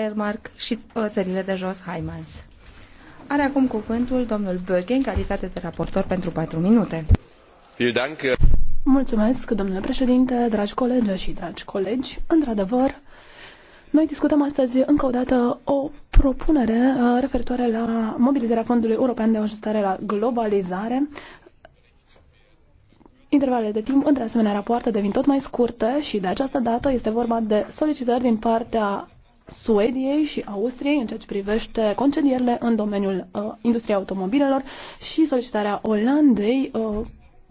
Airmark și uh, țările de jos Haimans. Are acum cuvântul domnul Böge în calitate de raportor pentru 4 minute. Mulțumesc, domnule președinte, dragi colegi și dragi colegi. Într-adevăr, noi discutăm astăzi încă o dată o propunere uh, referitoare la mobilizarea Fondului European de Ajustare la Globalizare. Intervalele de timp între asemenea rapoarte devin tot mai scurte și de această dată este vorba de solicitări din partea Suediei și Austriei în ceea ce privește concedierile în domeniul uh, industriei automobilelor și solicitarea Olandei uh,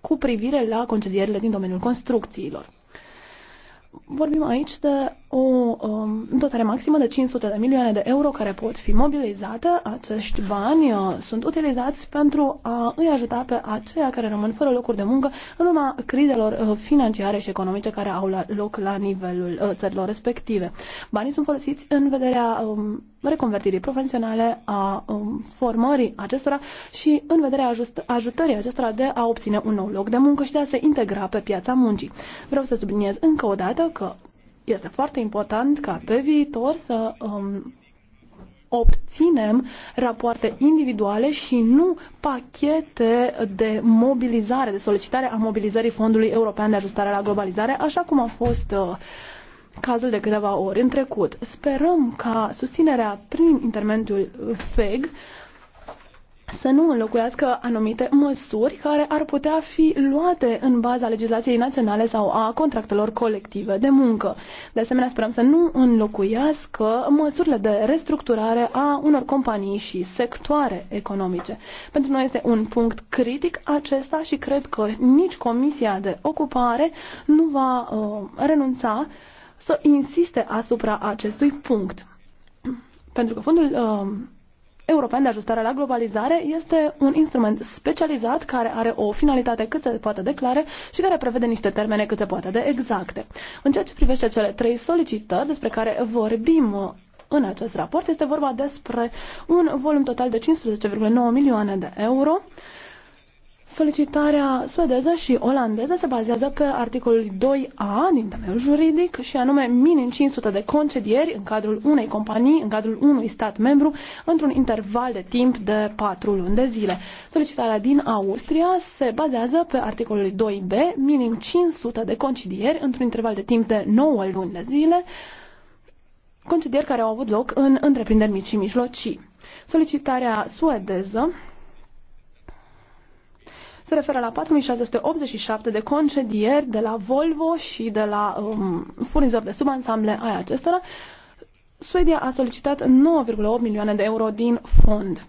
cu privire la concedierile din domeniul construcțiilor vorbim aici de o um, dotare maximă de 500 de milioane de euro care pot fi mobilizate. Acești bani uh, sunt utilizați pentru a îi ajuta pe aceia care rămân fără locuri de muncă în urma crizelor uh, financiare și economice care au la, loc la nivelul uh, țărilor respective. Banii sunt folosiți în vederea um, reconvertirii profesionale, a um, formării acestora și în vederea ajust- ajutării acestora de a obține un nou loc de muncă și de a se integra pe piața muncii. Vreau să subliniez încă o dată dovadă că este foarte important ca pe viitor să um, obținem rapoarte individuale și nu pachete de mobilizare, de solicitare a mobilizării Fondului European de Ajustare la Globalizare, așa cum a fost uh, cazul de câteva ori în trecut. Sperăm ca susținerea prin intermediul FEG să nu înlocuiască anumite măsuri care ar putea fi luate în baza legislației naționale sau a contractelor colective de muncă. De asemenea, sperăm să nu înlocuiască măsurile de restructurare a unor companii și sectoare economice. Pentru noi este un punct critic acesta și cred că nici Comisia de Ocupare nu va uh, renunța să insiste asupra acestui punct. Pentru că fondul uh, European de Ajustare la Globalizare este un instrument specializat care are o finalitate cât se poate de clare și care prevede niște termene cât se poate de exacte. În ceea ce privește cele trei solicitări despre care vorbim uh, în acest raport, este vorba despre un volum total de 15,9 milioane de euro Solicitarea suedeză și olandeză se bazează pe articolul 2a din domeniul juridic și anume minim 500 de concedieri în cadrul unei companii, în cadrul unui stat membru, într-un interval de timp de 4 luni de zile. Solicitarea din Austria se bazează pe articolul 2b, minim 500 de concedieri într-un interval de timp de 9 luni de zile, concedieri care au avut loc în întreprinderi mici și mijlocii. Solicitarea suedeză se referă la 4687 de concedieri de la Volvo și de la um, furnizori de subansamble ai acestora. Suedia a solicitat 9,8 milioane de euro din fond.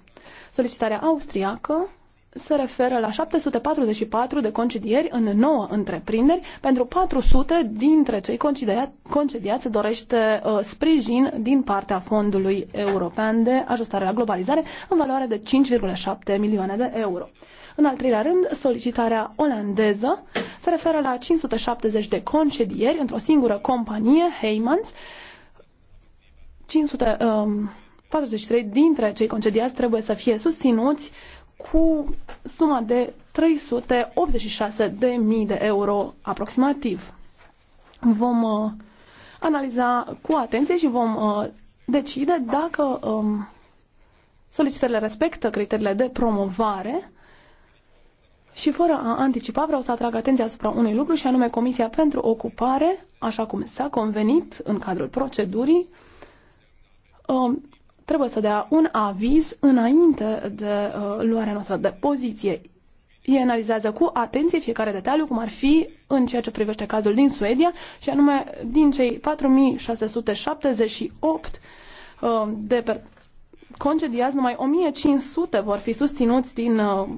Solicitarea austriacă se referă la 744 de concedieri în 9 întreprinderi. Pentru 400 dintre cei concediați, dorește uh, sprijin din partea Fondului European de Ajustare la Globalizare în valoare de 5,7 milioane de euro. În al treilea rând, solicitarea olandeză se referă la 570 de concedieri într-o singură companie, Heymans. 543 um, dintre cei concediați trebuie să fie susținuți cu suma de 386.000 de de euro aproximativ. Vom uh, analiza cu atenție și vom uh, decide dacă um, solicitările respectă criteriile de promovare și fără a anticipa, vreau să atrag atenția asupra unui lucru și anume Comisia pentru Ocupare, așa cum s-a convenit în cadrul procedurii, um, trebuie să dea un aviz înainte de uh, luarea noastră de poziție. Ei analizează cu atenție fiecare detaliu, cum ar fi în ceea ce privește cazul din Suedia, și anume din cei 4678 uh, de concediați, numai 1500 vor fi susținuți din uh,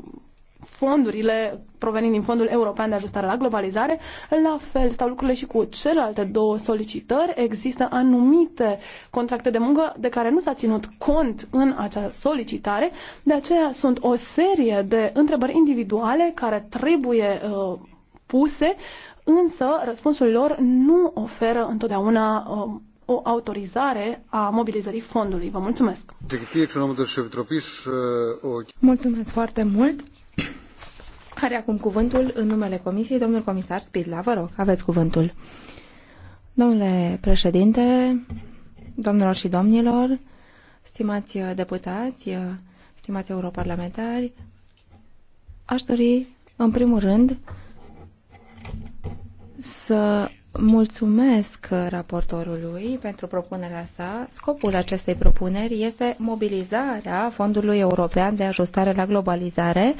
fondurile provenind din Fondul European de Ajustare la Globalizare. La fel stau lucrurile și cu celelalte două solicitări. Există anumite contracte de muncă de care nu s-a ținut cont în acea solicitare. De aceea sunt o serie de întrebări individuale care trebuie uh, puse, însă răspunsul lor nu oferă întotdeauna uh, o autorizare a mobilizării fondului. Vă mulțumesc! Uh, mulțumesc foarte mult! Are acum cuvântul în numele Comisiei domnul comisar Spidla. Vă rog, aveți cuvântul. Domnule președinte, domnilor și domnilor, stimați deputați, stimați europarlamentari, aș dori, în primul rând, să mulțumesc raportorului pentru propunerea sa. Scopul acestei propuneri este mobilizarea Fondului European de Ajustare la Globalizare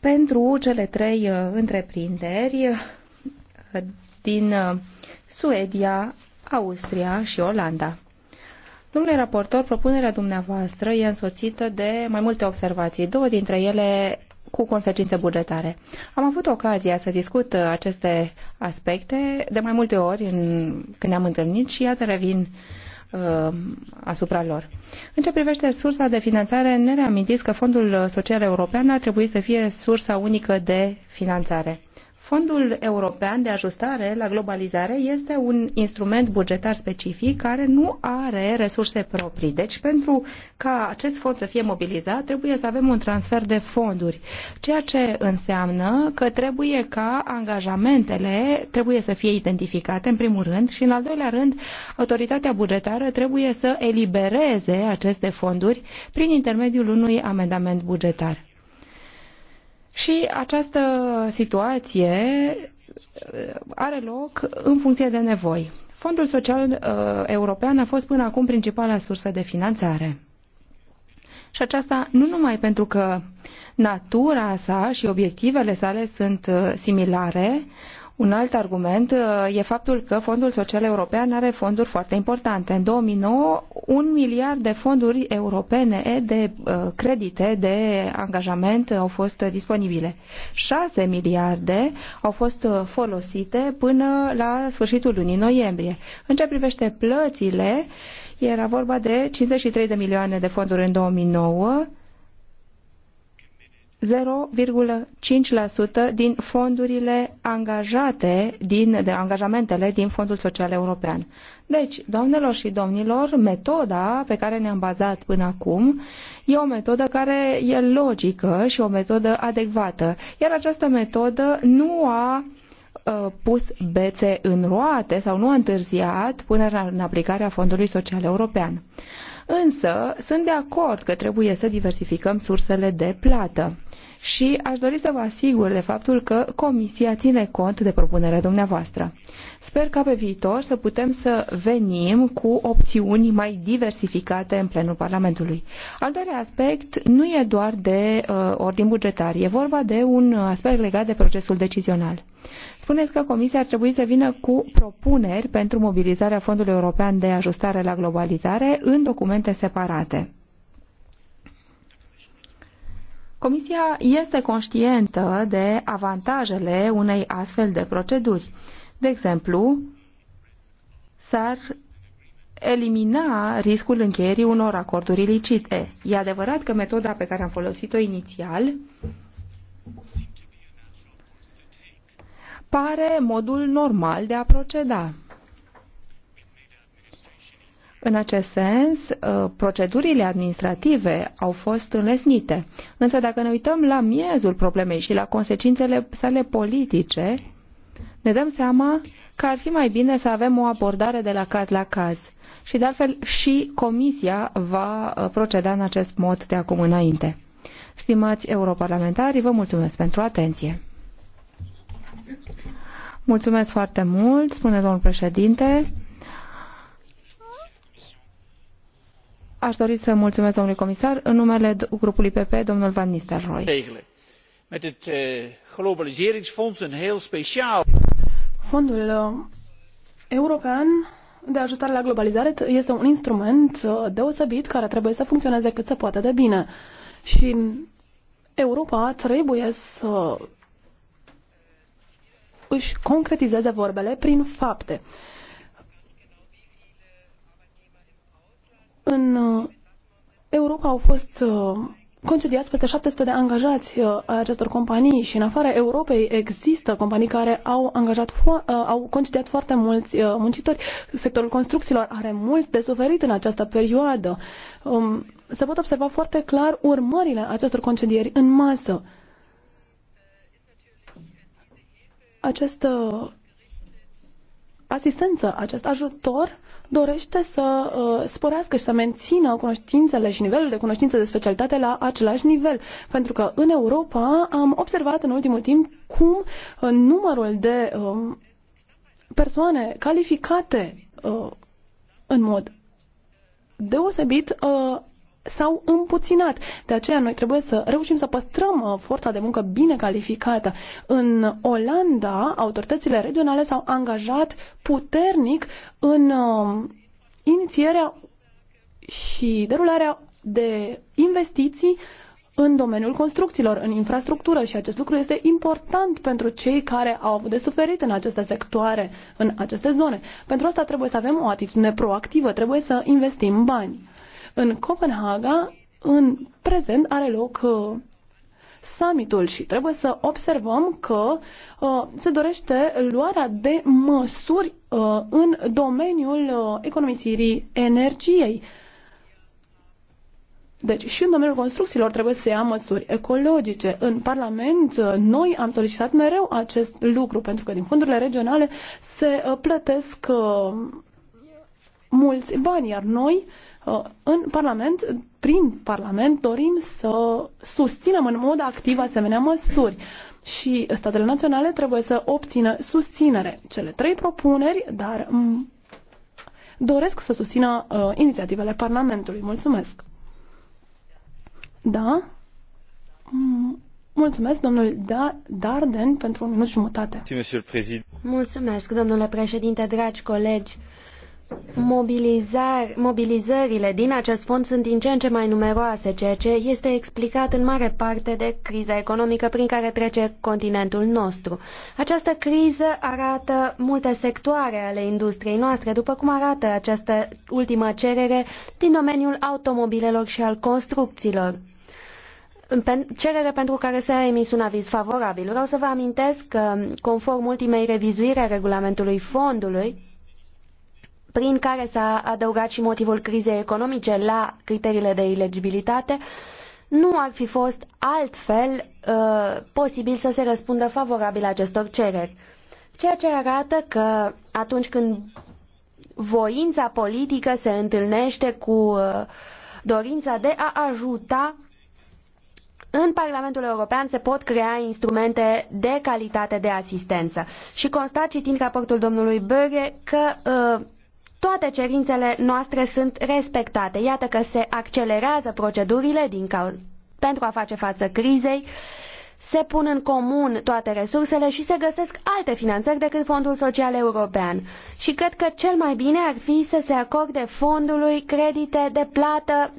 pentru cele trei uh, întreprinderi uh, din uh, Suedia, Austria și Olanda. Domnule raportor, propunerea dumneavoastră e însoțită de mai multe observații, două dintre ele cu consecințe bugetare. Am avut ocazia să discut aceste aspecte de mai multe ori în, când ne-am întâlnit și iată revin uh, Uh, asupra lor. În ce privește sursa de finanțare, ne reamintiți că Fondul Social European ar trebui să fie sursa unică de finanțare. Fondul European de Ajustare la Globalizare este un instrument bugetar specific care nu are resurse proprii. Deci, pentru ca acest fond să fie mobilizat, trebuie să avem un transfer de fonduri, ceea ce înseamnă că trebuie ca angajamentele trebuie să fie identificate, în primul rând, și, în al doilea rând, autoritatea bugetară trebuie să elibereze aceste fonduri prin intermediul unui amendament bugetar. Și această situație uh, are loc în funcție de nevoi. Fondul Social uh, European a fost până acum principala sursă de finanțare. Și aceasta nu numai pentru că natura sa și obiectivele sale sunt uh, similare, un alt argument uh, e faptul că Fondul Social European are fonduri foarte importante. În 2009, un miliard de fonduri europene de uh, credite, de angajament uh, au fost disponibile. 6 miliarde au fost folosite până la sfârșitul lunii noiembrie. În ce privește plățile, era vorba de 53 de milioane de fonduri în 2009, 0,5% din fondurile angajate, din, de angajamentele din Fondul Social European. Deci, doamnelor și domnilor, metoda pe care ne-am bazat până acum e o metodă care e logică și o metodă adecvată. Iar această metodă nu a ă, pus bețe în roate sau nu a întârziat punerea în aplicare a Fondului Social European. Însă sunt de acord că trebuie să diversificăm sursele de plată și aș dori să vă asigur de faptul că Comisia ține cont de propunerea dumneavoastră. Sper ca pe viitor să putem să venim cu opțiuni mai diversificate în plenul Parlamentului. Al doilea aspect nu e doar de uh, ordin bugetar, e vorba de un aspect legat de procesul decizional. Spuneți că Comisia ar trebui să vină cu propuneri pentru mobilizarea Fondului European de Ajustare la Globalizare în documente separate. Comisia este conștientă de avantajele unei astfel de proceduri. De exemplu, s-ar elimina riscul încheierii unor acorduri ilicite. E adevărat că metoda pe care am folosit-o inițial pare modul normal de a proceda. În acest sens, uh, procedurile administrative au fost înlesnite. Însă dacă ne uităm la miezul problemei și la consecințele sale politice, ne dăm seama că ar fi mai bine să avem o abordare de la caz la caz. Și de altfel și Comisia va uh, proceda în acest mod de acum înainte. Stimați europarlamentari, vă mulțumesc pentru atenție. Mulțumesc foarte mult, spune domnul președinte. Aș dori să mulțumesc domnului comisar în numele grupului PP, domnul Van Nistelrooy. Eh, Fondul eh, european de ajustare la globalizare este un instrument eh, deosebit care trebuie să funcționeze cât se poate de bine. Și Europa trebuie să își concretizeze vorbele prin fapte. În uh, Europa au fost uh, concediați peste 700 de angajați uh, a acestor companii și în afara Europei există companii care au, angajat au concediat foarte mulți muncitori. Sectorul construcțiilor are mult de suferit în această perioadă. Um, se pot observa foarte clar urmările acestor concedieri în masă. Această asistență, acest ajutor dorește să uh, sporească și să mențină cunoștințele și nivelul de cunoștințe de specialitate la același nivel. Pentru că în Europa am observat în ultimul timp cum uh, numărul de uh, persoane calificate uh, în mod deosebit uh, s-au împuținat. De aceea noi trebuie să reușim să păstrăm uh, forța de muncă bine calificată. În Olanda, autoritățile regionale s-au angajat puternic în uh, inițierea și derularea de investiții în domeniul construcțiilor, în infrastructură și acest lucru este important pentru cei care au avut de suferit în aceste sectoare, în aceste zone. Pentru asta trebuie să avem o atitudine proactivă, trebuie să investim bani. În Copenhaga, în prezent, are loc uh, summitul și trebuie să observăm că uh, se dorește luarea de măsuri uh, în domeniul uh, economisirii energiei. Deci și în domeniul construcțiilor trebuie să ia măsuri ecologice. În Parlament uh, noi am solicitat mereu acest lucru pentru că din fondurile regionale se uh, plătesc mulți bani, iar noi uh, Uh, în Parlament, prin Parlament, dorim să susținem în mod activ asemenea măsuri și statele naționale trebuie să obțină susținere. Cele trei propuneri, dar doresc să susțină uh, inițiativele Parlamentului. Mulțumesc! Da? Mulțumesc, domnul da Darden, pentru un minut jumătate. Mulțumesc, domnule președinte, dragi colegi mobilizar, mobilizările din acest fond sunt din ce în ce mai numeroase, ceea ce este explicat în mare parte de criza economică prin care trece continentul nostru. Această criză arată multe sectoare ale industriei noastre, după cum arată această ultimă cerere din domeniul automobilelor și al construcțiilor cerere pentru care s-a emis un aviz favorabil. Vreau să vă amintesc că, conform ultimei revizuiri a regulamentului fondului, prin care s-a adăugat și motivul crizei economice la criteriile de ilegibilitate, nu ar fi fost altfel uh, posibil să se răspundă favorabil acestor cereri. Ceea ce arată că atunci când voința politică se întâlnește cu uh, dorința de a ajuta, în Parlamentul European se pot crea instrumente de calitate de asistență. Și constat citind raportul domnului Böge că uh, toate cerințele noastre sunt respectate. Iată că se accelerează procedurile din pentru a face față crizei, se pun în comun toate resursele și se găsesc alte finanțări decât Fondul Social European. Și cred că cel mai bine ar fi să se acorde fondului credite de plată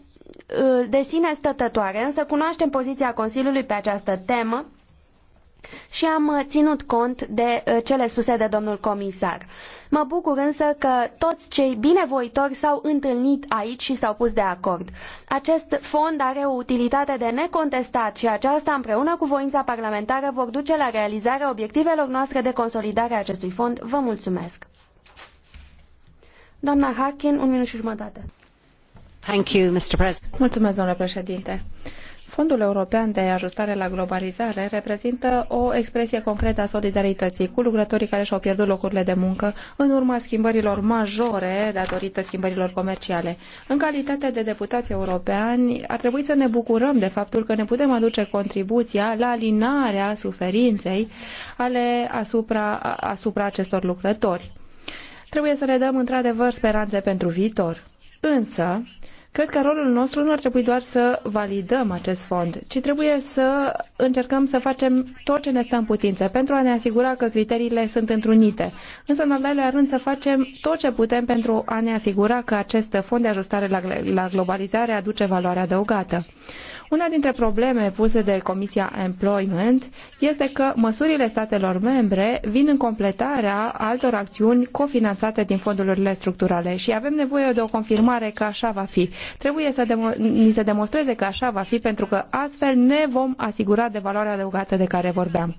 ă, de sine stătătoare, însă cunoaștem poziția Consiliului pe această temă și am ținut cont de ă, cele spuse de domnul comisar. Mă bucur însă că toți cei binevoitori s-au întâlnit aici și s-au pus de acord. Acest fond are o utilitate de necontestat și aceasta împreună cu voința parlamentară vor duce la realizarea obiectivelor noastre de consolidare a acestui fond. Vă mulțumesc! Doamna Harkin, un minut și jumătate. Thank you, Mr. President. Mulțumesc, doamnă președinte. Fondul European de Ajustare la Globalizare reprezintă o expresie concretă a solidarității cu lucrătorii care și-au pierdut locurile de muncă în urma schimbărilor majore datorită schimbărilor comerciale. În calitate de deputați europeni, ar trebui să ne bucurăm de faptul că ne putem aduce contribuția la alinarea suferinței ale asupra, asupra acestor lucrători. Trebuie să le dăm într-adevăr speranțe pentru viitor. Însă, Cred că rolul nostru nu ar trebui doar să validăm acest fond, ci trebuie să încercăm să facem tot ce ne stă în putință pentru a ne asigura că criteriile sunt întrunite. Însă, în al doilea rând, să facem tot ce putem pentru a ne asigura că acest fond de ajustare la, la globalizare aduce valoare adăugată. Una dintre probleme puse de Comisia Employment este că măsurile statelor membre vin în completarea altor acțiuni cofinanțate din fondurile structurale și avem nevoie de o confirmare că așa va fi. Trebuie să ni se demonstreze că așa va fi pentru că astfel ne vom asigura de valoarea adăugată de care vorbeam.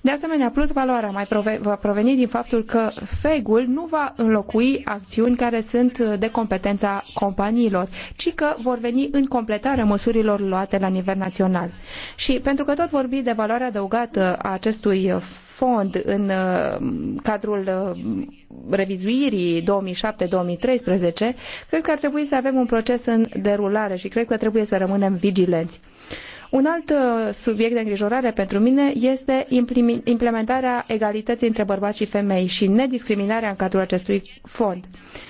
De asemenea, plus valoarea mai va proveni din faptul că FEG-ul nu va înlocui acțiuni care sunt de competența companiilor, ci că vor veni în completarea măsurilor luate luate la nivel național. Și pentru că tot vorbi de valoarea adăugată a acestui fond în uh, cadrul uh, revizuirii 2007-2013, cred că ar trebui să avem un proces în derulare și cred că trebuie să rămânem vigilenți. Un alt uh, subiect de îngrijorare pentru mine este implementarea egalității între bărbați și femei și nediscriminarea în cadrul acestui fond. Uh,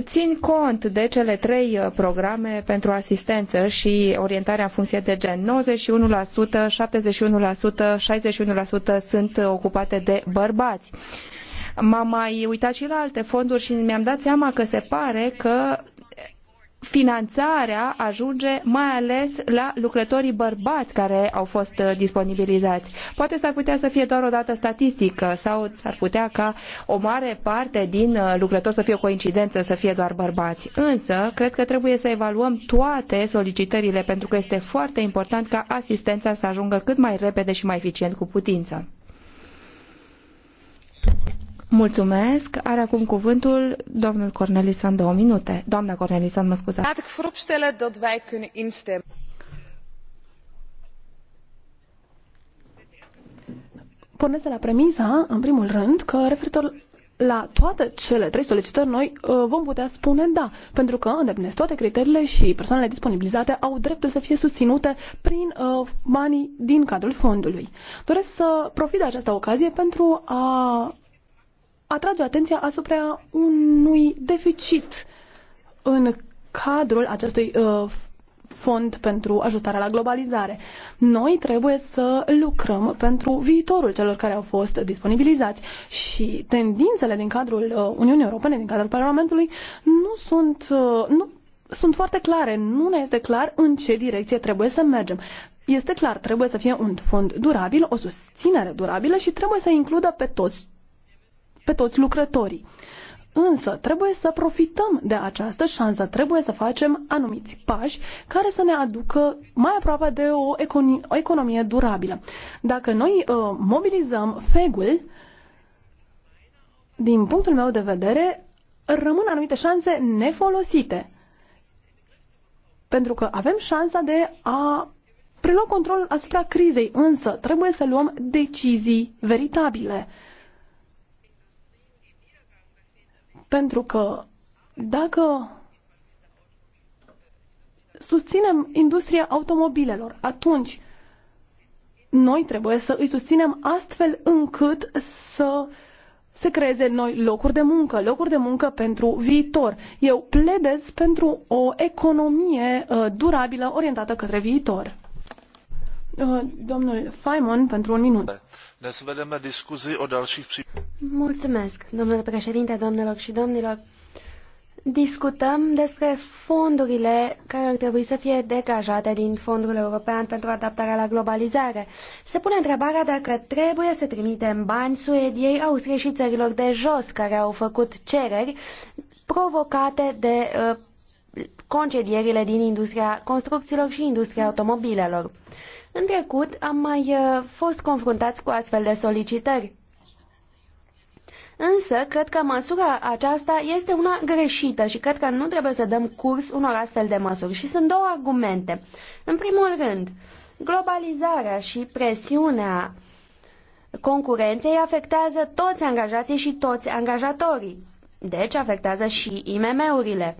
țin cont de cele trei uh, programe pentru asistență și orientarea în funcție de gen. 91%, 71%, 61% sunt ocupate de bărbați m-am mai uitat și la alte fonduri și mi-am dat seama că se pare că finanțarea ajunge mai ales la lucrătorii bărbați care au fost uh, disponibilizați. Poate s-ar putea să fie doar o dată statistică sau s-ar putea ca o mare parte din uh, lucrători să fie o coincidență, să fie doar bărbați. Însă, cred că trebuie să evaluăm toate solicitările pentru că este foarte important ca asistența să ajungă cât mai repede și mai eficient cu putință. Mulțumesc. Are acum cuvântul domnul Cornelison două minute. Doamna Cornelison, mă scuzați. Laat ik vooropstellen dat wij kunnen instemmen. Pornesc de la premisa, în primul rând, că referitor la toate cele trei solicitări, noi uh, vom putea spune da, pentru că îndeplinesc toate criteriile și persoanele disponibilizate au dreptul să fie susținute prin uh, banii din cadrul fondului. Doresc să profit de această ocazie pentru a atrage atenția asupra unui deficit în cadrul acestui uh, fond pentru ajustarea la globalizare. Noi trebuie să lucrăm pentru viitorul celor care au fost disponibilizați și tendințele din cadrul uh, Uniunii Europene, din cadrul Parlamentului, nu sunt, uh, nu, sunt foarte clare. Nu ne este clar în ce direcție trebuie să mergem. Este clar, trebuie să fie un fond durabil, o susținere durabilă și trebuie să includă pe toți pe toți lucrătorii. Însă trebuie să profităm de această șansă, trebuie să facem anumiți pași care să ne aducă mai aproape de o, econ- o economie durabilă. Dacă noi uh, mobilizăm fegul, din punctul meu de vedere, rămân anumite șanse nefolosite. Pentru că avem șansa de a prelua controlul asupra crizei, însă trebuie să luăm decizii veritabile. Pentru că dacă susținem industria automobilelor, atunci noi trebuie să îi susținem astfel încât să se creeze noi locuri de muncă, locuri de muncă pentru viitor. Eu pledez pentru o economie uh, durabilă orientată către viitor. Uh, domnul Faimon, pentru un minut. Dnes la discuții o dalších Mulțumesc, domnule președinte, domnilor și domnilor. Discutăm despre fondurile care ar trebui să fie degajate din Fondul European pentru Adaptarea la Globalizare. Se pune întrebarea dacă trebuie să trimitem bani Suediei, Austriei și țărilor de jos care au făcut cereri provocate de uh, concedierile din industria construcțiilor și industria automobilelor. În trecut am mai uh, fost confruntați cu astfel de solicitări. Însă, cred că măsura aceasta este una greșită și cred că nu trebuie să dăm curs unor astfel de măsuri. Și sunt două argumente. În primul rând, globalizarea și presiunea concurenței afectează toți angajații și toți angajatorii. Deci afectează și IMM-urile.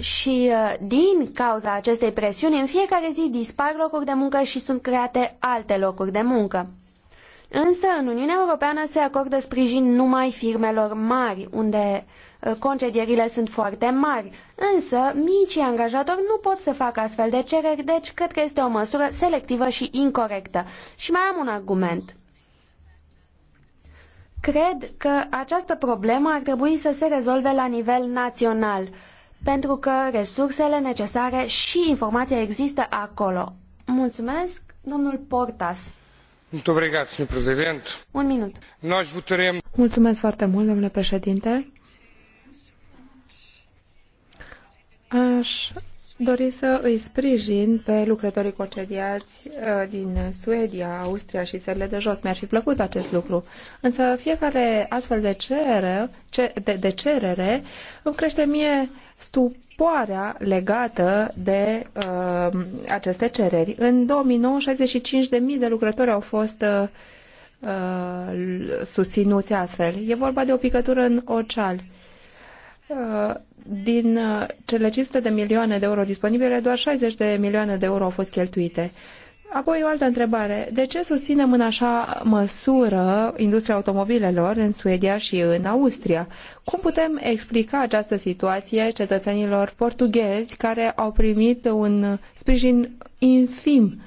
Și uh, din cauza acestei presiuni, în fiecare zi dispar locuri de muncă și sunt create alte locuri de muncă. Însă, în Uniunea Europeană se acordă sprijin numai firmelor mari, unde uh, concedierile sunt foarte mari. Însă, micii angajatori nu pot să facă astfel de cereri, deci cred că este o măsură selectivă și incorrectă. Și mai am un argument. Cred că această problemă ar trebui să se rezolve la nivel național, pentru că resursele necesare și informația există acolo. Mulțumesc, domnul Portas. Un minut. Mulțumesc foarte mult, domnule președinte. Aș dori să îi sprijin pe lucrătorii concediați uh, din Suedia, Austria și țările de jos. Mi-ar fi plăcut acest lucru. Însă fiecare astfel de cerere, de, de cerere îmi crește mie stup poarea legată de uh, aceste cereri. În 2009, 65.000 de lucrători au fost uh, uh, susținuți astfel. E vorba de o picătură în ocean. Uh, din uh, cele 500 de milioane de euro disponibile, doar 60 de milioane de euro au fost cheltuite. Apoi o altă întrebare. De ce susținem în așa măsură industria automobilelor în Suedia și în Austria? Cum putem explica această situație cetățenilor portughezi care au primit un sprijin infim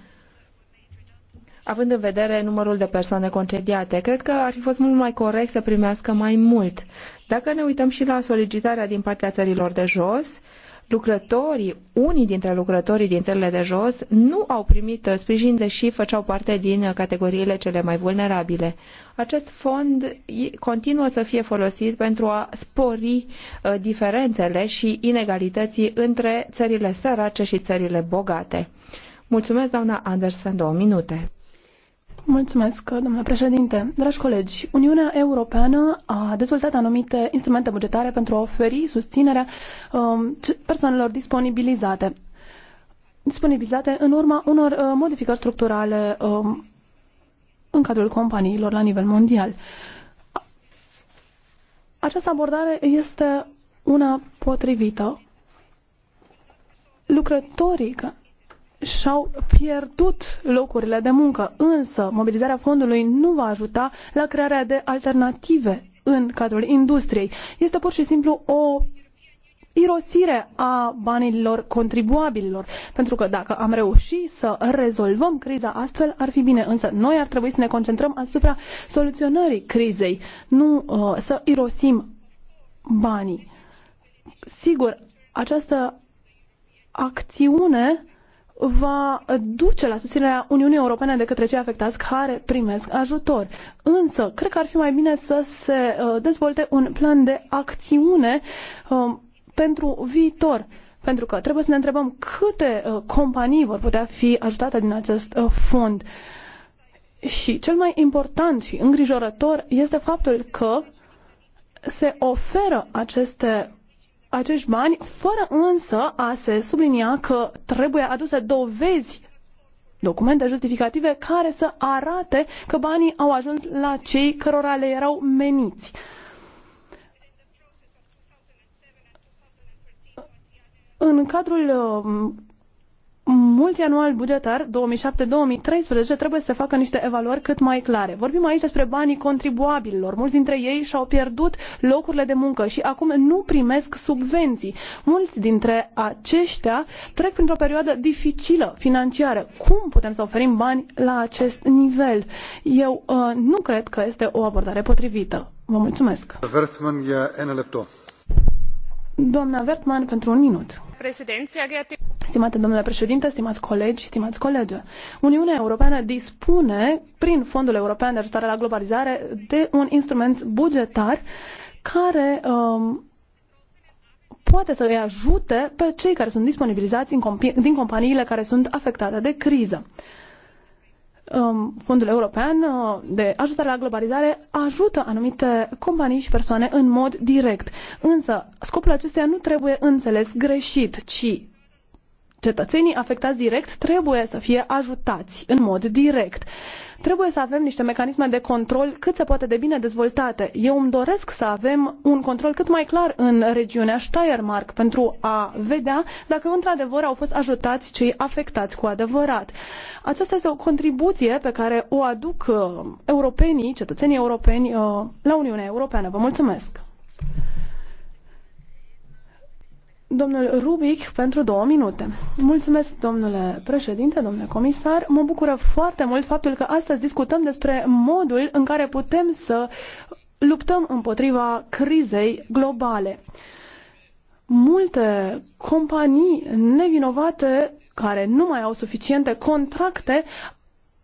având în vedere numărul de persoane concediate. Cred că ar fi fost mult mai corect să primească mai mult. Dacă ne uităm și la solicitarea din partea țărilor de jos, lucrătorii, unii dintre lucrătorii din țările de jos, nu au primit sprijin, deși făceau parte din categoriile cele mai vulnerabile. Acest fond continuă să fie folosit pentru a spori uh, diferențele și inegalității între țările sărace și țările bogate. Mulțumesc, doamna Anderson, două minute. Mulțumesc, domnule președinte. Dragi colegi, Uniunea Europeană a dezvoltat anumite instrumente bugetare pentru a oferi susținerea um, persoanelor disponibilizate, disponibilizate în urma unor uh, modificări structurale um, în cadrul companiilor la nivel mondial. Această abordare este una potrivită. Lucrătorii și-au pierdut locurile de muncă, însă mobilizarea fondului nu va ajuta la crearea de alternative în cadrul industriei. Este pur și simplu o irosire a banilor contribuabililor. Pentru că dacă am reușit să rezolvăm criza astfel, ar fi bine. Însă noi ar trebui să ne concentrăm asupra soluționării crizei, nu uh, să irosim banii. Sigur, această acțiune va duce la susținerea Uniunii Europene de către cei afectați care primesc ajutor. Însă, cred că ar fi mai bine să se uh, dezvolte un plan de acțiune um, pentru viitor. Pentru că trebuie să ne întrebăm câte uh, companii vor putea fi ajutate din acest uh, fond. Și cel mai important și îngrijorător este faptul că se oferă aceste acești bani, fără însă a se sublinia că trebuie aduse dovezi documente justificative care să arate că banii au ajuns la cei cărora le erau meniți. În cadrul um, multianual bugetar 2007-2013 trebuie să se facă niște evaluări cât mai clare. Vorbim aici despre banii contribuabililor. Mulți dintre ei și-au pierdut locurile de muncă și acum nu primesc subvenții. Mulți dintre aceștia trec printr-o perioadă dificilă financiară. Cum putem să oferim bani la acest nivel? Eu uh, nu cred că este o abordare potrivită. Vă mulțumesc. Doamna Vertman, pentru un minut. Președinția Stimate domnule președinte, stimați colegi, stimați colege, Uniunea Europeană dispune, prin Fondul European de Ajustare la Globalizare, de un instrument bugetar care um, poate să îi ajute pe cei care sunt disponibilizați din companiile care sunt afectate de criză. Um, Fondul European uh, de Ajustare la Globalizare ajută anumite companii și persoane în mod direct. Însă, scopul acestuia nu trebuie înțeles greșit, ci cetățenii afectați direct trebuie să fie ajutați în mod direct. Trebuie să avem niște mecanisme de control cât se poate de bine dezvoltate. Eu îmi doresc să avem un control cât mai clar în regiunea Steiermark pentru a vedea dacă într-adevăr au fost ajutați cei afectați cu adevărat. Aceasta este o contribuție pe care o aduc uh, europenii, cetățenii europeni uh, la Uniunea Europeană. Vă mulțumesc! Domnul Rubic, pentru două minute. Mulțumesc, domnule președinte, domnule comisar. Mă bucură foarte mult faptul că astăzi discutăm despre modul în care putem să luptăm împotriva crizei globale. Multe companii nevinovate care nu mai au suficiente contracte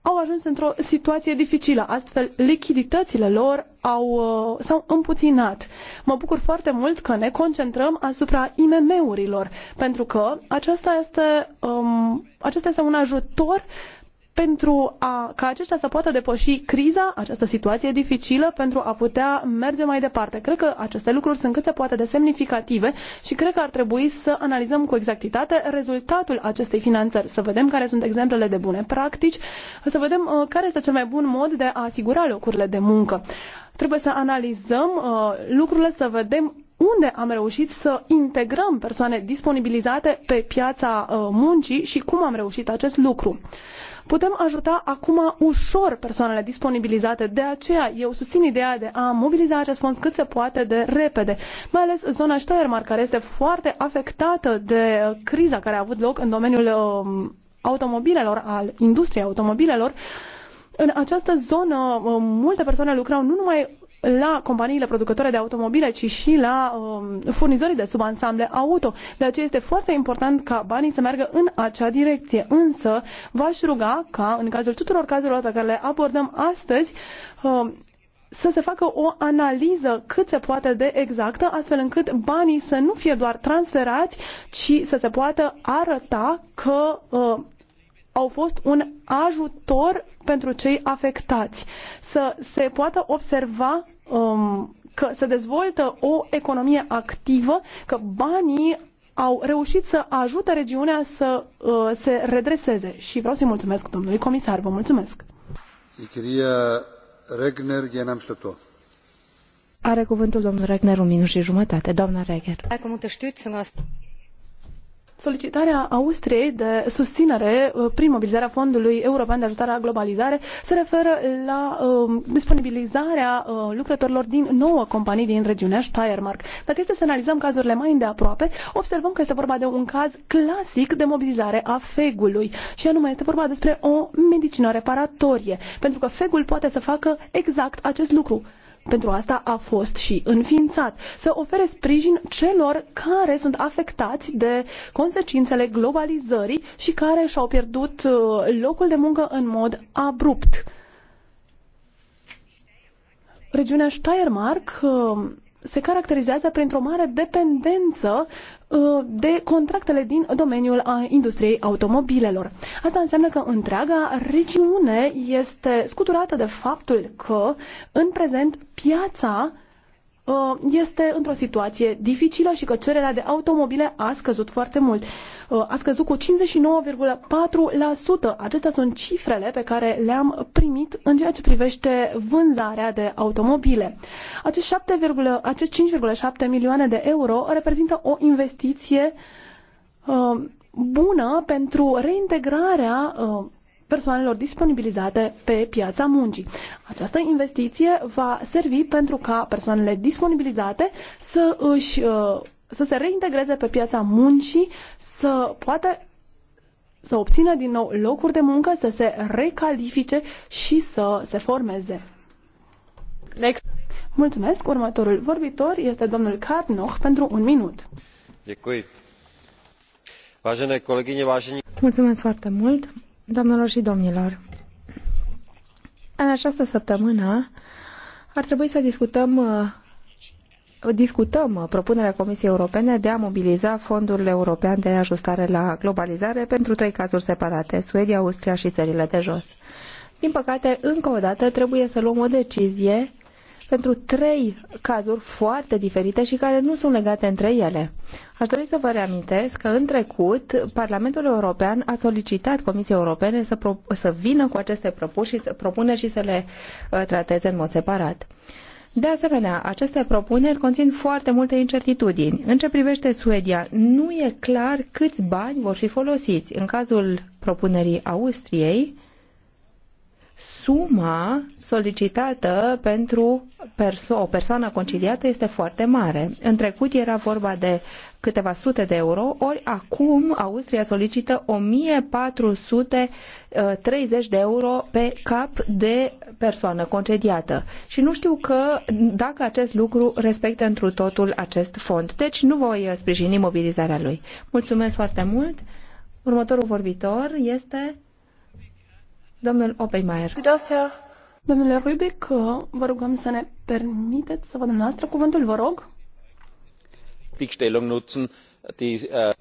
au ajuns într-o situație dificilă, astfel lichiditățile lor au, uh, s-au împuținat. Mă bucur foarte mult că ne concentrăm asupra IMM-urilor, pentru că aceasta este, um, acesta este un ajutor pentru a, ca aceștia să poată depăși criza, această situație dificilă, pentru a putea merge mai departe. Cred că aceste lucruri sunt cât se poate de semnificative și cred că ar trebui să analizăm cu exactitate rezultatul acestei finanțări, să vedem care sunt exemplele de bune practici, să vedem uh, care este cel mai bun mod de a asigura locurile de muncă. Trebuie să analizăm uh, lucrurile, să vedem unde am reușit să integrăm persoane disponibilizate pe piața uh, muncii și cum am reușit acest lucru. Putem ajuta acum ușor persoanele disponibilizate, de aceea eu susțin ideea de a mobiliza acest fond cât se poate de repede, mai ales zona Steiermark, care este foarte afectată de criza care a avut loc în domeniul um, automobilelor, al industriei automobilelor, în această zonă um, multe persoane lucrau nu numai la companiile producătoare de automobile, ci și la um, furnizorii de subansamble auto. De aceea este foarte important ca banii să meargă în acea direcție. Însă, v-aș ruga ca, în cazul tuturor cazurilor pe care le abordăm astăzi, um, să se facă o analiză cât se poate de exactă, astfel încât banii să nu fie doar transferați, ci să se poată arăta că uh, au fost un ajutor pentru cei afectați. Să se poată observa um, că se dezvoltă o economie activă, că banii au reușit să ajute regiunea să uh, se redreseze. Și vreau să-i mulțumesc domnului comisar. Vă mulțumesc. Regner, Are cuvântul domnul Regner un minut și jumătate. Doamna Regner solicitarea Austriei de susținere uh, prin mobilizarea Fondului European de Ajutare la Globalizare se referă la uh, disponibilizarea uh, lucrătorilor din nouă companii din regiunea Steiermark. Dacă este să analizăm cazurile mai îndeaproape, observăm că este vorba de un caz clasic de mobilizare a fegului și anume este vorba despre o medicină reparatorie, pentru că fegul poate să facă exact acest lucru pentru asta a fost și înființat, să ofere sprijin celor care sunt afectați de consecințele globalizării și care și-au pierdut uh, locul de muncă în mod abrupt. Regiunea Steiermark uh, se caracterizează printr-o mare dependență uh, de contractele din domeniul industriei automobilelor. Asta înseamnă că întreaga regiune este scuturată de faptul că, în prezent, piața Uh, este într-o situație dificilă și că cererea de automobile a scăzut foarte mult. Uh, a scăzut cu 59,4%. Acestea sunt cifrele pe care le-am primit în ceea ce privește vânzarea de automobile. Acest, 7, acești 5,7 milioane de euro reprezintă o investiție uh, bună pentru reintegrarea persoanelor disponibilizate pe piața muncii. Această investiție va servi pentru ca persoanele disponibilizate să își uh, să se reintegreze pe piața muncii, să poată să obțină din nou locuri de muncă, să se recalifice și să se formeze. Next. Mulțumesc. Următorul vorbitor este domnul Karnoch pentru un minut. Vážené kolegyně, vážení... Mulțumesc foarte mult. Doamnelor și domnilor, în această săptămână ar trebui să discutăm uh, discutăm uh, propunerea Comisiei Europene de a mobiliza fondurile europene de ajustare la globalizare pentru trei cazuri separate, Suedia, Austria și țările de jos. Din păcate, încă o dată trebuie să luăm o decizie pentru trei cazuri foarte diferite și care nu sunt legate între ele. Aș dori să vă reamintesc că în trecut Parlamentul European a solicitat Comisiei Europene să, pro- să vină cu aceste propuneri și, să, și să le uh, trateze în mod separat. De asemenea, aceste propuneri conțin foarte multe incertitudini. În ce privește Suedia, nu e clar câți bani vor fi folosiți. În cazul propunerii Austriei, suma solicitată pentru perso- o persoană concediată este foarte mare. În trecut era vorba de câteva sute de euro, ori acum Austria solicită 1430 de euro pe cap de persoană concediată. Și nu știu că dacă acest lucru respectă întru totul acest fond. Deci nu voi sprijini mobilizarea lui. Mulțumesc foarte mult. Următorul vorbitor este domnul Oppenheimer. Domnule Rubic, vă rugăm să ne permiteți să vă dumneavoastră cuvântul, vă rog nutzen. Die, äh,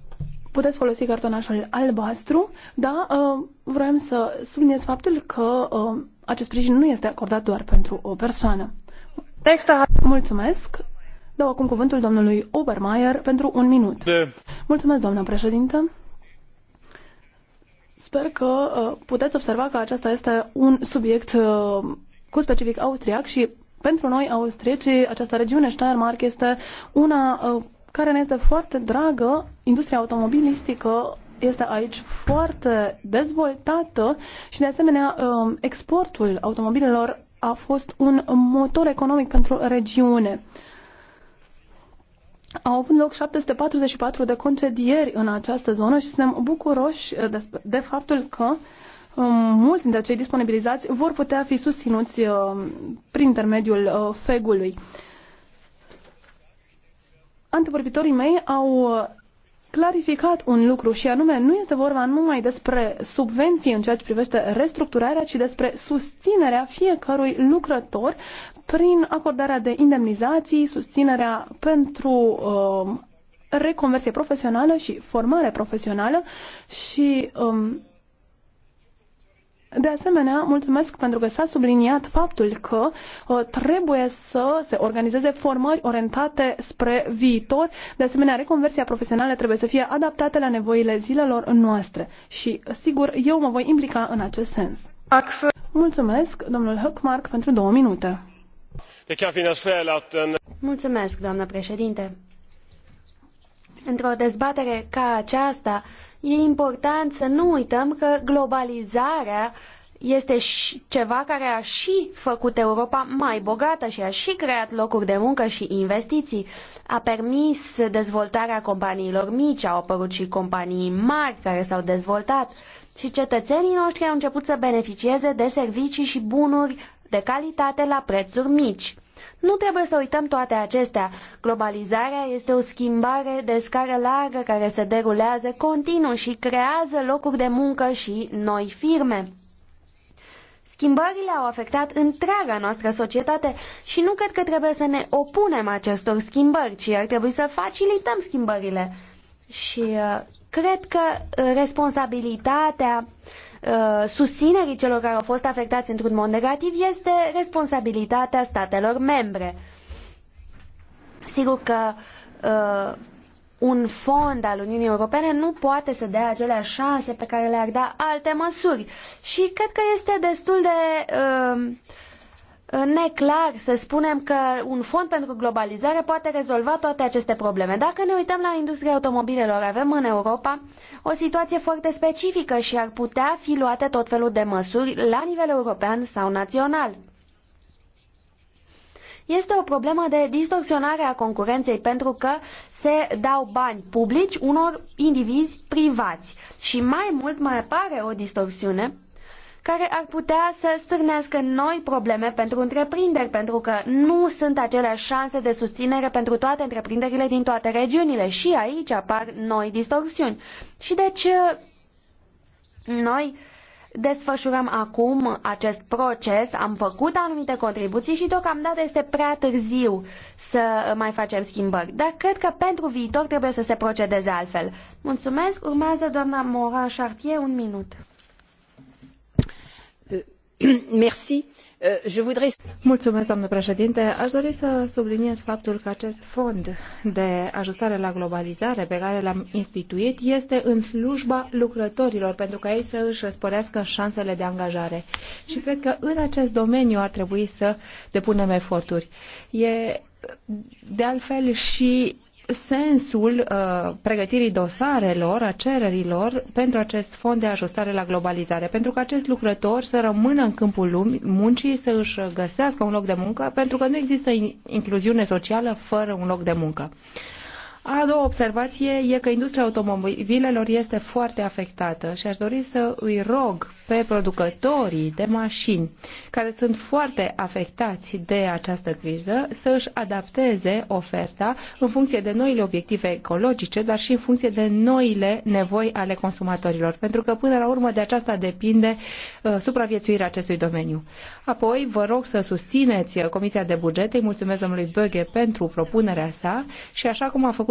Puteți folosi cartonașul albastru, dar uh, ă, vreau să subliniez faptul că uh, acest sprijin nu este acordat doar pentru o persoană. Texta. Mulțumesc. Dau acum cuvântul domnului Obermeier pentru un minut. De. Mulțumesc, doamnă președintă. Sper că uh, puteți observa că acesta este un subiect uh, cu specific austriac și pentru noi, austriecii, această regiune Steiermark este una uh, care ne este foarte dragă. Industria automobilistică este aici foarte dezvoltată și, de asemenea, um, exportul automobilelor a fost un motor economic pentru regiune. Au avut loc 744 de concedieri în această zonă și suntem bucuroși uh, de, faptul că um, mulți dintre cei disponibilizați vor putea fi susținuți um, prin intermediul uh, FEG-ului antevorbitorii mei au uh, clarificat un lucru și anume nu este vorba numai despre subvenții în ceea ce privește restructurarea, ci despre susținerea fiecărui lucrător prin acordarea de indemnizații, susținerea pentru uh, reconversie profesională și formare profesională și um, de asemenea, mulțumesc pentru că s-a subliniat faptul că uh, trebuie să se organizeze formări orientate spre viitor. De asemenea, reconversia profesională trebuie să fie adaptată la nevoile zilelor noastre. Și, sigur, eu mă voi implica în acest sens. Mulțumesc, domnul Höckmark, pentru două minute. Mulțumesc, doamnă președinte. Într-o dezbatere ca aceasta, E important să nu uităm că globalizarea este ceva care a și făcut Europa mai bogată și a și creat locuri de muncă și investiții. A permis dezvoltarea companiilor mici, au apărut și companii mari care s-au dezvoltat și cetățenii noștri au început să beneficieze de servicii și bunuri de calitate la prețuri mici. Nu trebuie să uităm toate acestea. Globalizarea este o schimbare de scară largă care se derulează continuu și creează locuri de muncă și noi firme. Schimbările au afectat întreaga noastră societate și nu cred că trebuie să ne opunem acestor schimbări, ci ar trebui să facilităm schimbările. Și uh, cred că uh, responsabilitatea uh, Uh, susținerii celor care au fost afectați într-un mod negativ este responsabilitatea statelor membre. Sigur că uh, un fond al Uniunii Europene nu poate să dea acelea șanse pe care le-ar da alte măsuri. Și cred că este destul de uh, neclar să spunem că un fond pentru globalizare poate rezolva toate aceste probleme. Dacă ne uităm la industria automobilelor, avem în Europa o situație foarte specifică și ar putea fi luate tot felul de măsuri la nivel european sau național. Este o problemă de distorsionare a concurenței pentru că se dau bani publici unor indivizi privați. Și mai mult mai apare o distorsiune care ar putea să stârnească noi probleme pentru întreprinderi, pentru că nu sunt aceleași șanse de susținere pentru toate întreprinderile din toate regiunile și aici apar noi distorsiuni. Și deci noi desfășurăm acum acest proces, am făcut anumite contribuții și deocamdată este prea târziu să mai facem schimbări. Dar cred că pentru viitor trebuie să se procedeze altfel. Mulțumesc, urmează doamna Moran Chartier, un minut. Euh, Mulțumesc, doamnă președinte. Aș dori să subliniez faptul că acest fond de ajustare la globalizare pe care l-am instituit este în slujba lucrătorilor pentru ca ei să își răspărească șansele de angajare. Și cred că în acest domeniu ar trebui să depunem eforturi. E de altfel și sensul uh, pregătirii dosarelor, a cererilor pentru acest fond de ajustare la globalizare, pentru că acest lucrător să rămână în câmpul muncii, să își găsească un loc de muncă, pentru că nu există incluziune socială fără un loc de muncă. Uh, a doua observație e că industria automobilelor este foarte afectată și aș dori să îi rog pe producătorii de mașini care sunt foarte afectați de această criză să își adapteze oferta în funcție de noile obiective ecologice, dar și în funcție de noile nevoi ale consumatorilor, pentru că până la urmă de aceasta depinde uh, supraviețuirea acestui domeniu. Apoi, vă rog să susțineți Comisia de Bugete, îi mulțumesc domnului Böge pentru propunerea sa și așa cum a făcut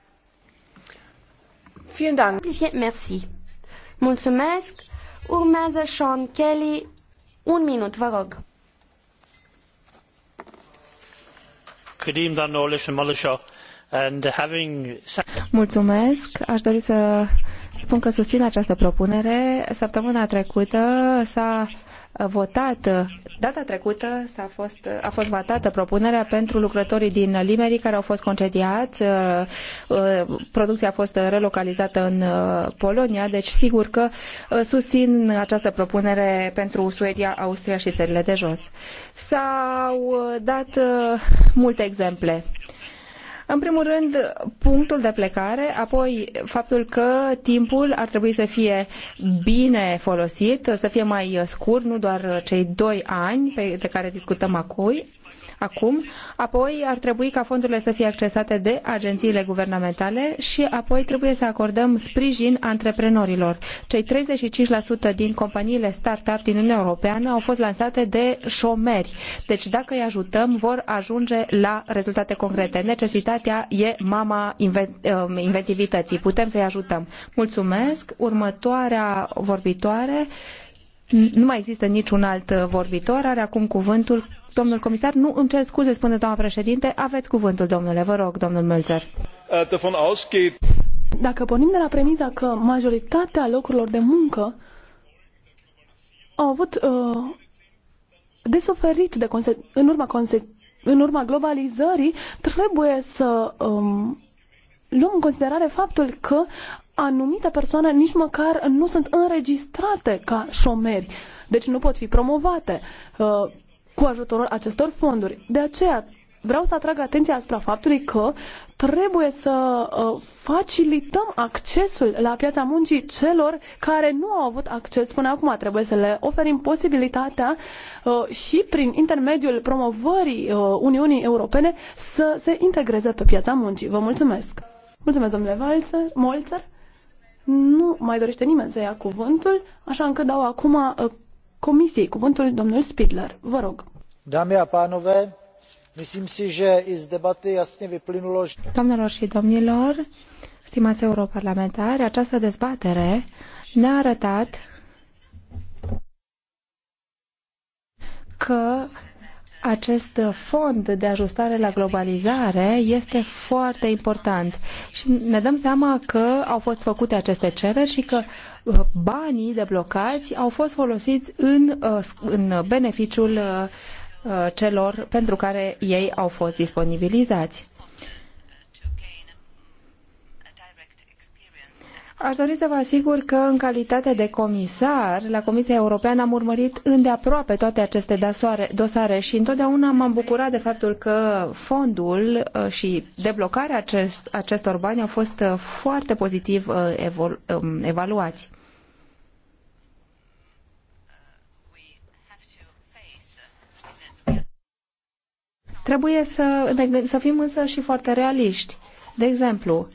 Vielen Dank. Merci. Mulțumesc. Urmează Sean Kelly. Un minut, vă rog. Mulțumesc. Aș dori să spun că susțin această propunere. Săptămâna trecută s-a votat Data trecută a fost, a fost votată propunerea pentru lucrătorii din Limeri care au fost concediați. Producția a fost relocalizată în Polonia, deci sigur că susțin această propunere pentru Suedia, Austria și țările de jos. S-au dat multe exemple în primul rând, punctul de plecare, apoi faptul că timpul ar trebui să fie bine folosit, să fie mai scurt, nu doar cei doi ani pe, de care discutăm acui, acum, apoi ar trebui ca fondurile să fie accesate de agențiile guvernamentale și apoi trebuie să acordăm sprijin antreprenorilor. Cei 35% din companiile start-up din Uniunea Europeană au fost lansate de șomeri. Deci dacă îi ajutăm, vor ajunge la rezultate concrete. Necesitatea e mama um, inventivității. Putem să-i ajutăm. Mulțumesc. Următoarea vorbitoare. Nu mai există niciun alt vorbitor. Are acum cuvântul domnul comisar, nu îmi cer scuze, spune doamna președinte, aveți cuvântul, domnule, vă rog, domnul Mölzer. Äh, Dacă pornim de la premiza că majoritatea locurilor de muncă au avut uh, desoferit de conse- în, urma conse- în urma globalizării, trebuie să um, luăm în considerare faptul că anumite persoane nici măcar nu sunt înregistrate ca șomeri, deci nu pot fi promovate. Uh, cu ajutorul acestor fonduri. De aceea vreau să atrag atenția asupra faptului că trebuie să uh, facilităm accesul la piața muncii celor care nu au avut acces până acum. Trebuie să le oferim posibilitatea uh, și prin intermediul promovării uh, Uniunii Europene să se integreze pe piața muncii. Vă mulțumesc! Mulțumesc, domnule Valzer, Molzer. Nu mai dorește nimeni să ia cuvântul, așa încât dau acum Comisiei cuvântul domnul Spidler. Vă rog dámy a pánové myslím si že i z debaty jasně vyplynulo že. doamnelor și domnilor stimați europarlamentari această dezbatere ne a arătat că acest fond de ajustare la globalizare este foarte important și ne dăm seama că au fost făcute aceste cereri și că uh, banii deblocați au fost folosiți în, uh, în beneficiul uh, Uh, celor pentru care ei au fost disponibilizați. Aș dori să vă asigur că, în calitate de comisar, la Comisia Europeană am urmărit îndeaproape toate aceste dosare, dosare și întotdeauna m-am bucurat de faptul că fondul uh, și deblocarea acest, acestor bani au fost uh, foarte pozitiv um, evaluați. Trebuie să, ne, să fim însă și foarte realiști. De exemplu,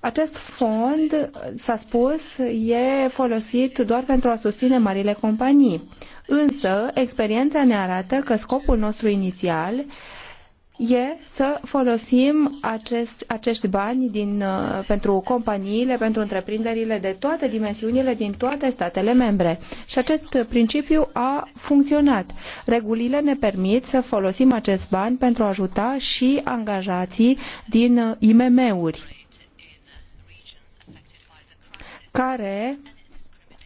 acest fond, s-a spus, e folosit doar pentru a susține marile companii. Însă, experiența ne arată că scopul nostru inițial e să folosim acest, acești bani din, uh, pentru companiile, pentru întreprinderile de toate dimensiunile din toate statele membre. Și acest principiu a funcționat. Regulile ne permit să folosim acest bani pentru a ajuta și angajații din uh, IMM-uri care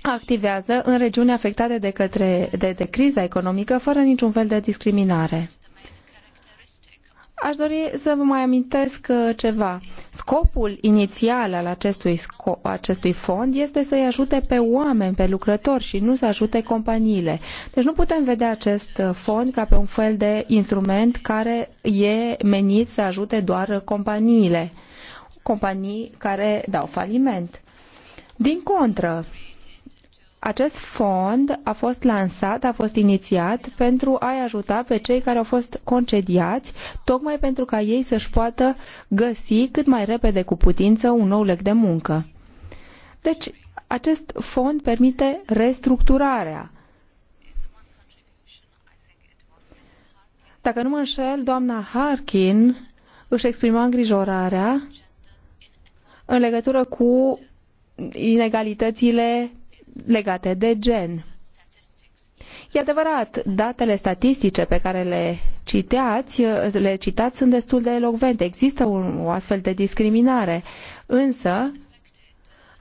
activează în regiuni afectate de, către, de, de criza economică fără niciun fel de discriminare. Aș dori să vă mai amintesc uh, ceva. Scopul inițial al acestui, sco- acestui fond este să-i ajute pe oameni, pe lucrători și nu să ajute companiile. Deci nu putem vedea acest uh, fond ca pe un fel de instrument care e menit să ajute doar uh, companiile, companii care dau faliment. Din contră, acest fond a fost lansat, a fost inițiat pentru a-i ajuta pe cei care au fost concediați, tocmai pentru ca ei să-și poată găsi cât mai repede cu putință un nou loc de muncă. Deci, acest fond permite restructurarea. Dacă nu mă înșel, doamna Harkin își exprima îngrijorarea în legătură cu inegalitățile legate de gen. E adevărat, datele statistice pe care le citeați, le citați sunt destul de elocvente. Există un, o astfel de discriminare, însă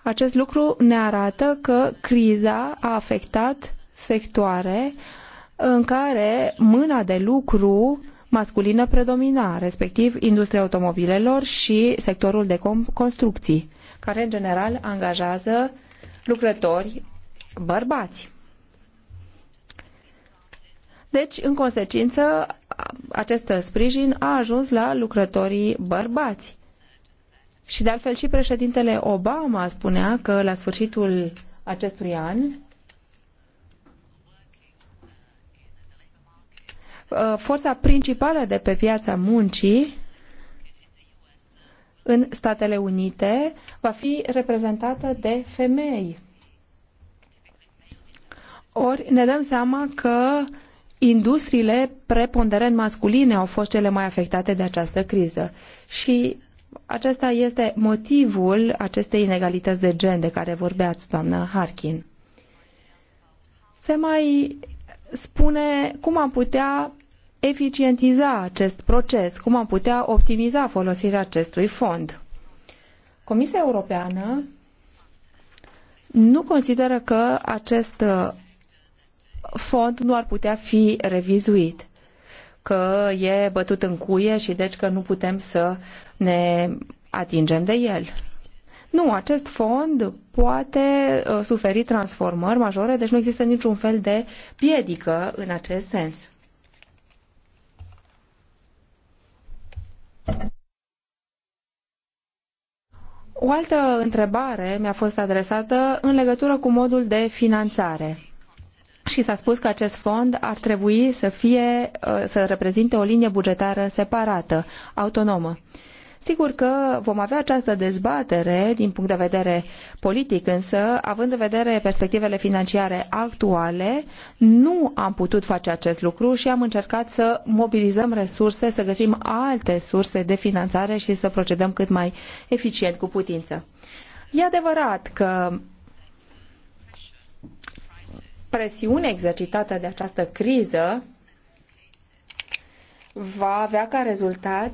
acest lucru ne arată că criza a afectat sectoare în care mâna de lucru masculină predomina, respectiv industria automobilelor și sectorul de construcții, care în general angajează lucrători bărbați. Deci, în consecință, acest sprijin a ajuns la lucrătorii bărbați. Și de altfel și președintele Obama spunea că la sfârșitul acestui an uh, forța principală de pe piața muncii în Statele Unite va fi reprezentată de femei. Ori ne dăm seama că industriile preponderent masculine au fost cele mai afectate de această criză. Și acesta este motivul acestei inegalități de gen de care vorbeați, doamnă Harkin. Se mai spune cum am putea eficientiza acest proces, cum am putea optimiza folosirea acestui fond. Comisia Europeană nu consideră că acest uh, fond nu ar putea fi revizuit, că e bătut în cuie și deci că nu putem să ne atingem de el. Nu, acest fond poate uh, suferi transformări majore, deci nu există niciun fel de piedică în acest sens. O altă întrebare mi-a fost adresată în legătură cu modul de finanțare. Și s-a spus că acest fond ar trebui să fie, să reprezinte o linie bugetară separată, autonomă. Uh, Sigur că vom avea această dezbatere din punct de vedere politic, însă, având în vedere perspectivele financiare actuale, nu am putut face acest lucru și am încercat să mobilizăm resurse, să găsim alte surse de finanțare și să procedăm cât mai eficient cu putință. E adevărat că presiunea exercitată de această criză va avea ca rezultat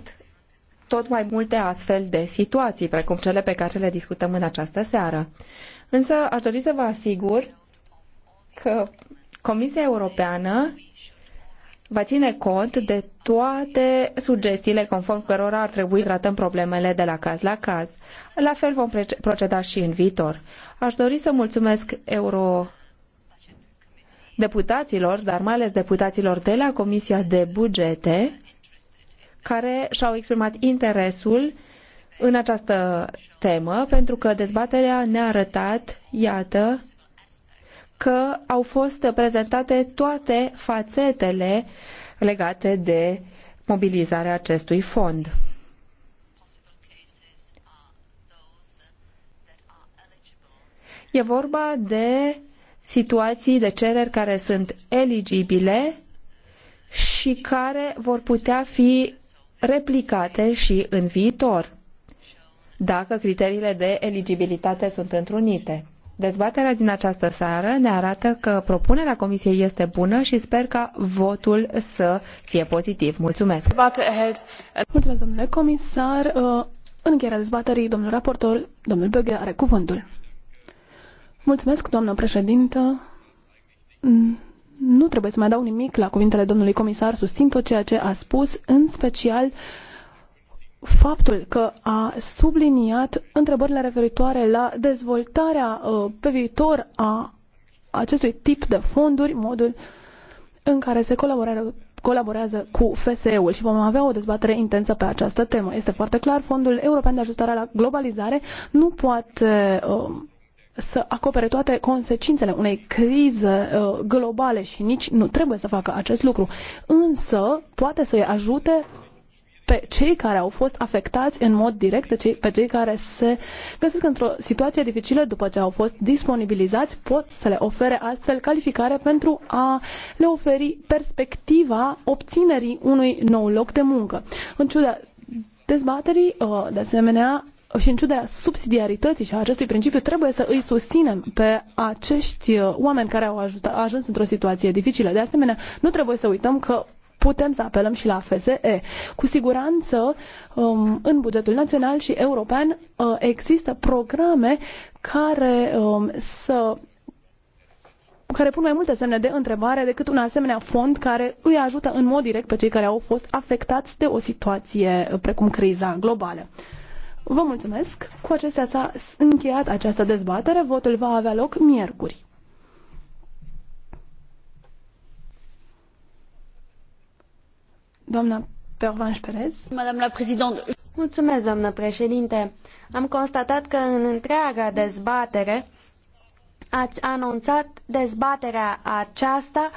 tot mai multe astfel de situații, precum cele pe care le discutăm în această seară. Însă aș dori să vă asigur că Comisia Europeană va ține cont de toate sugestiile conform cărora ar trebui tratăm problemele de la caz la caz. La fel vom proceda și în viitor. Aș dori să mulțumesc euro deputaților, dar mai ales deputaților de la Comisia de Bugete, care și-au exprimat interesul în această temă, pentru că dezbaterea ne-a arătat, iată, că au fost prezentate toate fațetele legate de mobilizarea acestui fond. E vorba de situații de cereri care sunt eligibile și care vor putea fi replicate și în viitor, dacă criteriile de eligibilitate sunt întrunite. Dezbaterea din această seară ne arată că propunerea Comisiei este bună și sper ca votul să fie pozitiv. Mulțumesc! Mulțumesc, domnule comisar! Uh, în încheierea dezbaterii, domnul raportor, domnul Böge, are cuvântul. Mulțumesc, doamnă președintă! Nu trebuie să mai dau nimic la cuvintele domnului comisar, susțin tot ceea ce a spus, în special faptul că a subliniat întrebările referitoare la dezvoltarea uh, pe viitor a acestui tip de fonduri, modul în care se colaborează colaborează cu FSE-ul și vom avea o dezbatere intensă pe această temă. Este foarte clar, Fondul European de Ajustare la Globalizare nu poate uh, să acopere toate consecințele unei crize uh, globale și nici nu trebuie să facă acest lucru. Însă poate să-i ajute pe cei care au fost afectați în mod direct, pe cei, pe cei care se găsesc într-o situație dificilă după ce au fost disponibilizați, pot să le ofere astfel calificare pentru a le oferi perspectiva obținerii unui nou loc de muncă. În ciuda dezbaterii, uh, de asemenea, și în ciuda subsidiarității și a acestui principiu trebuie să îi susținem pe acești uh, oameni care au ajuns într-o situație dificilă. De asemenea, nu trebuie să uităm că putem să apelăm și la FSE. Cu siguranță, um, în bugetul național și european uh, există programe care um, să care pun mai multe semne de întrebare decât un asemenea fond care îi ajută în mod direct pe cei care au fost afectați de o situație uh, precum criza globală. Vă mulțumesc. Cu acestea s-a încheiat această dezbatere. Votul va avea loc miercuri. Doamna Pervanș Perez. Madame la Présidente. Mulțumesc, doamnă președinte. Am constatat că în întreaga dezbatere ați anunțat dezbaterea aceasta